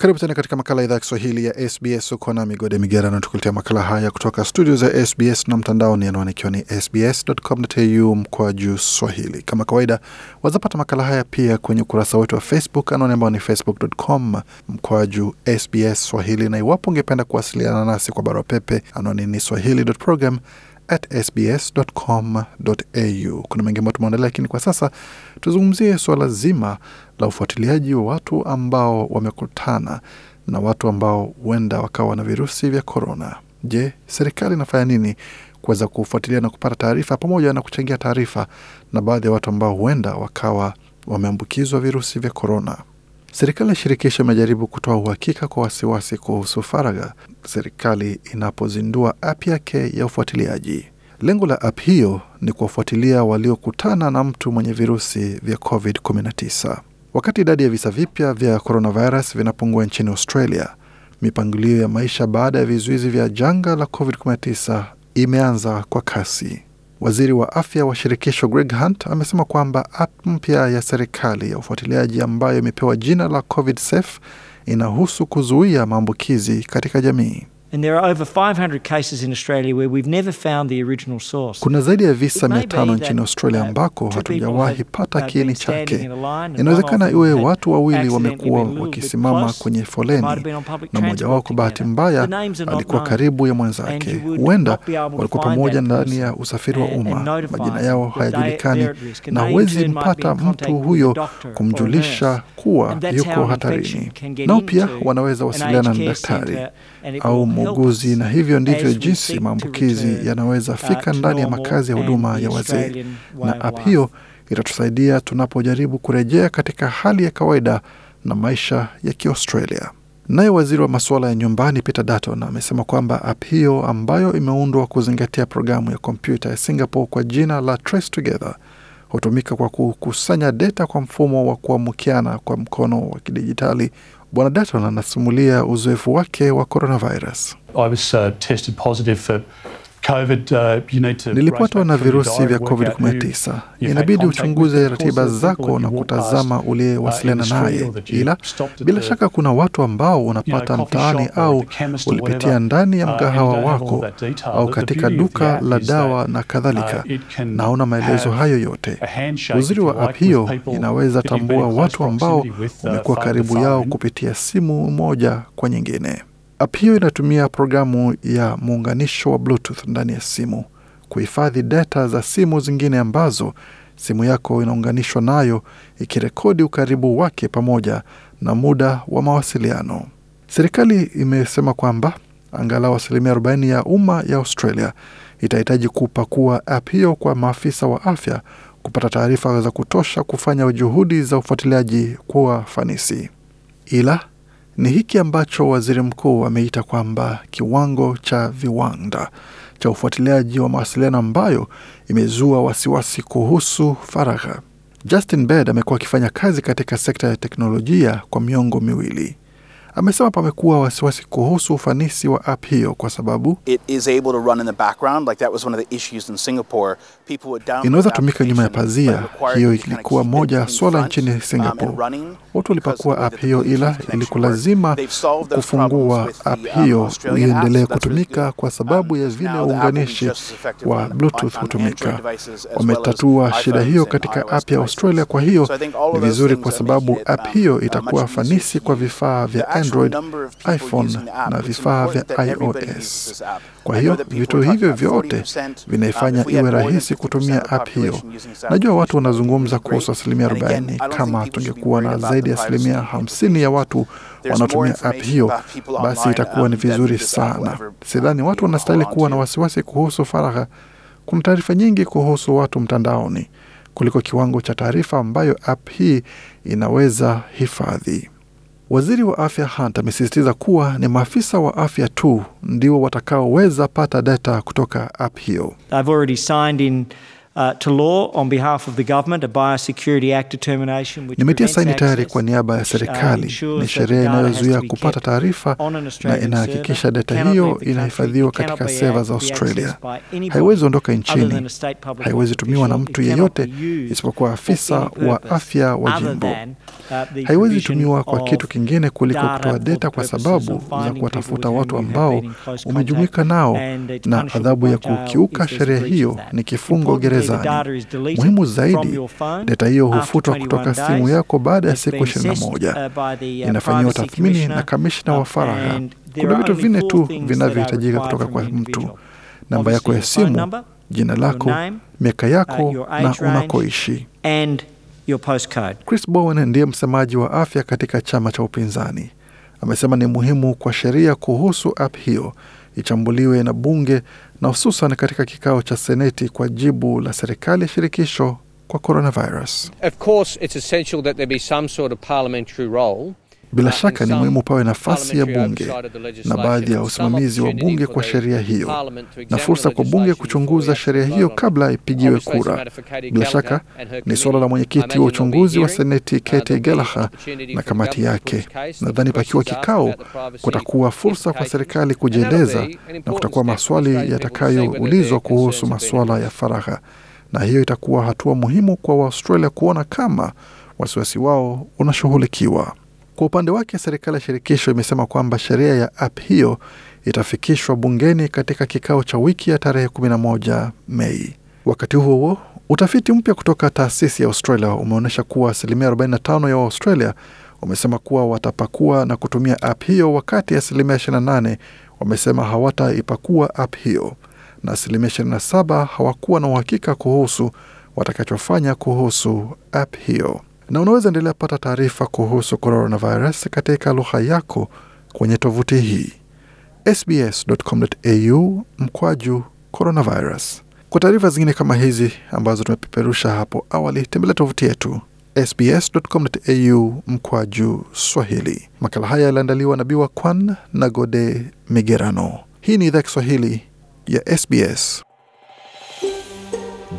Karibu tena katika makala idhaa ya Kiswahili ya SBS. Uko na Migode Migera na tukuletea makala haya kutoka studio za SBS na mtandaoni, anwani ikiwa ni sbs.com.au mkwa juu swahili. Kama kawaida, wazapata makala haya pia kwenye ukurasa wetu wa Facebook, anwani ambao ni facebook.com mkwa juu sbs swahili, na iwapo ungependa kuwasiliana nasi kwa barua pepe, anwani ni swahili.program at sbs.com.au. Kuna mengi ambayo tumeandalia, lakini kwa sasa tuzungumzie suala zima la ufuatiliaji wa watu ambao wamekutana na watu ambao huenda wakawa na virusi vya korona. Je, serikali inafanya nini kuweza kufuatilia na kupata taarifa pamoja na kuchangia taarifa na baadhi ya watu ambao huenda wakawa wameambukizwa virusi vya korona? Serikali ya shirikisho imejaribu kutoa uhakika kwa wasiwasi kuhusu faragha serikali inapozindua app yake ya ufuatiliaji. Lengo la app hiyo ni kuwafuatilia waliokutana na mtu mwenye virusi vya COVID-19. Wakati idadi ya visa vipya vya coronavirus vinapungua nchini Australia, mipangilio ya maisha baada ya vizuizi vya janga la COVID-19 imeanza kwa kasi. Waziri wa afya wa shirikisho Greg Hunt amesema kwamba app mpya ya serikali ya ufuatiliaji ambayo imepewa jina la COVID Safe inahusu kuzuia maambukizi katika jamii. And there are over 500 cases in Australia where we've never found the original source. Kuna zaidi ya visa tano nchini Australia uh, ambako hatujawahi pata uh, kiini chake. Inawezekana iwe watu wawili wamekuwa wakisimama kwenye foleni na mmoja wao kwa bahati mbaya alikuwa karibu ya mwenzake. Huenda walikuwa pamoja ndani ya usafiri wa umma, majina yao hayajulikani, na huwezi mpata mtu huyo kumjulisha kuwa yuko hatarini. Nao pia wanaweza wasiliana na daktari au muuguzi, na hivyo ndivyo jinsi maambukizi yanaweza fika ndani ya makazi ya huduma ya wazee, na ap hiyo itatusaidia tunapojaribu kurejea katika hali ya kawaida na maisha ya Kiaustralia. Naye waziri wa masuala ya nyumbani Peter Dutton amesema kwamba ap hiyo ambayo imeundwa kuzingatia programu ya kompyuta ya Singapore kwa jina la Trace Together hutumika kwa kukusanya data kwa mfumo wa kuamukiana kwa mkono wa kidijitali Bwana Dutton anasimulia uzoefu wake wa coronavirus. I was, uh, tested positive for Uh, Nilipatwa na virusi vya COVID-19, inabidi uchunguze ratiba zako na kutazama uliyewasiliana uh, naye, ila bila shaka kuna watu ambao unapata mtaani au ulipitia ndani ya uh, mgahawa wako au katika duka la dawa na kadhalika. Naona maelezo hayo yote. Uzuri wa app hiyo inaweza tambua watu ambao umekuwa karibu yao kupitia simu moja kwa nyingine. App hiyo inatumia programu ya muunganisho wa Bluetooth ndani ya simu kuhifadhi data za simu zingine ambazo simu yako inaunganishwa nayo, ikirekodi ukaribu wake pamoja na muda wa mawasiliano. Serikali imesema kwamba angalau asilimia 40 ya umma ya Australia itahitaji kupakua app hiyo kwa maafisa wa afya kupata taarifa za kutosha kufanya juhudi za ufuatiliaji kuwa fanisi. Ila ni hiki ambacho waziri mkuu ameita kwamba kiwango cha viwanda cha ufuatiliaji wa mawasiliano ambayo imezua wasiwasi kuhusu faragha. Justin Bed amekuwa akifanya kazi katika sekta ya teknolojia kwa miongo miwili amesema pamekuwa wasiwasi kuhusu ufanisi wa app hiyo kwa sababu inaweza tumika nyuma ya pazia. Hiyo ilikuwa moja ya swala nchini um, Singapore, watu walipakua app hiyo, ila kulazima kufungua app um, hiyo iendelee kutumika kwa sababu um, ya vile uunganishi wa Bluetooth hutumika. Wametatua shida hiyo katika app ya Australia, kwa hiyo ni vizuri, kwa sababu app hiyo itakuwa fanisi kwa vifaa vya Android, iPhone na vifaa vya iOS. Kwa hiyo vitu hivyo vyote vinaifanya iwe rahisi kutumia app hiyo. Najua watu wanazungumza kuhusu asilimia 40. Kama tungekuwa na zaidi ya asilimia 50 ya watu wanaotumia app hiyo, basi itakuwa ni vizuri sana. Sidhani watu wanastahili kuwa na wasiwasi kuhusu faragha. Kuna taarifa nyingi kuhusu watu mtandaoni kuliko kiwango cha taarifa ambayo app hii inaweza hifadhi. Waziri wa afya Hunt amesisitiza kuwa ni maafisa wa afya tu ndio watakaoweza pata data kutoka app hiyo. Uh, Nimetia saini tayari kwa niaba ya uh, serikali. Ni sheria inayozuia kupata taarifa na inahakikisha data hiyo inahifadhiwa katika seva za Australia. Haiwezi ondoka nchini, haiwezi tumiwa na mtu yeyote isipokuwa afisa wa afya wa jimbo. Uh, haiwezi tumiwa kwa kitu kingine kuliko kutoa data kwa sababu za kuwatafuta watu ambao umejumuika nao, na adhabu ya kukiuka sheria hiyo ni kifungo gereza gerezani. Muhimu zaidi, data hiyo hufutwa kutoka simu yako baada ya siku 21. Uh, uh, Inafanyiwa tathmini na kamishna wa uh, faragha. Kuna vitu vinne tu vinavyohitajika kutoka kwa mtu: namba yako ya simu, jina lako, miaka yako na unakoishi. Chris Bowen ndiye msemaji wa afya katika chama cha upinzani, amesema ni muhimu kwa sheria kuhusu app hiyo ichambuliwe na bunge na hususan katika kikao cha seneti kwa jibu la serikali ya shirikisho kwa coronavirus. Of course it's essential that there be some sort of parliamentary role bila shaka ni muhimu pawe nafasi ya bunge na baadhi ya usimamizi wa bunge kwa sheria hiyo na fursa kwa bunge kuchunguza sheria hiyo kabla ipigiwe kura. Bila shaka ni suala la mwenyekiti wa uchunguzi wa uh, seneti Kete gelaha na kamati yake. Nadhani pakiwa kikao, kutakuwa fursa kwa serikali kujieleza na kutakuwa maswali yatakayoulizwa kuhusu masuala ya faragha, na hiyo itakuwa hatua muhimu kwa Waaustralia kuona kama wasiwasi wao unashughulikiwa. Kwa upande wake, serikali ya shirikisho imesema kwamba sheria ya app hiyo itafikishwa bungeni katika kikao cha wiki ya tarehe 11 Mei. Wakati huo huo, utafiti mpya kutoka taasisi ya Australia umeonyesha kuwa asilimia 45 ya Waaustralia wamesema kuwa watapakua na kutumia app hiyo, wakati asilimia 28 wamesema hawataipakua app hiyo na asilimia 27 hawakuwa na uhakika kuhusu watakachofanya kuhusu app hiyo na unaweza endelea pata taarifa kuhusu coronavirus katika lugha yako kwenye tovuti hii sbs.com.au mkwaju coronavirus. Kwa taarifa zingine kama hizi ambazo tumepeperusha hapo awali, tembelea tovuti yetu sbs.com.au mkwaju swahili. Makala haya yaliandaliwa na Biwa Kwan na Gode Migerano. Hii ni idhaa Kiswahili ya SBS.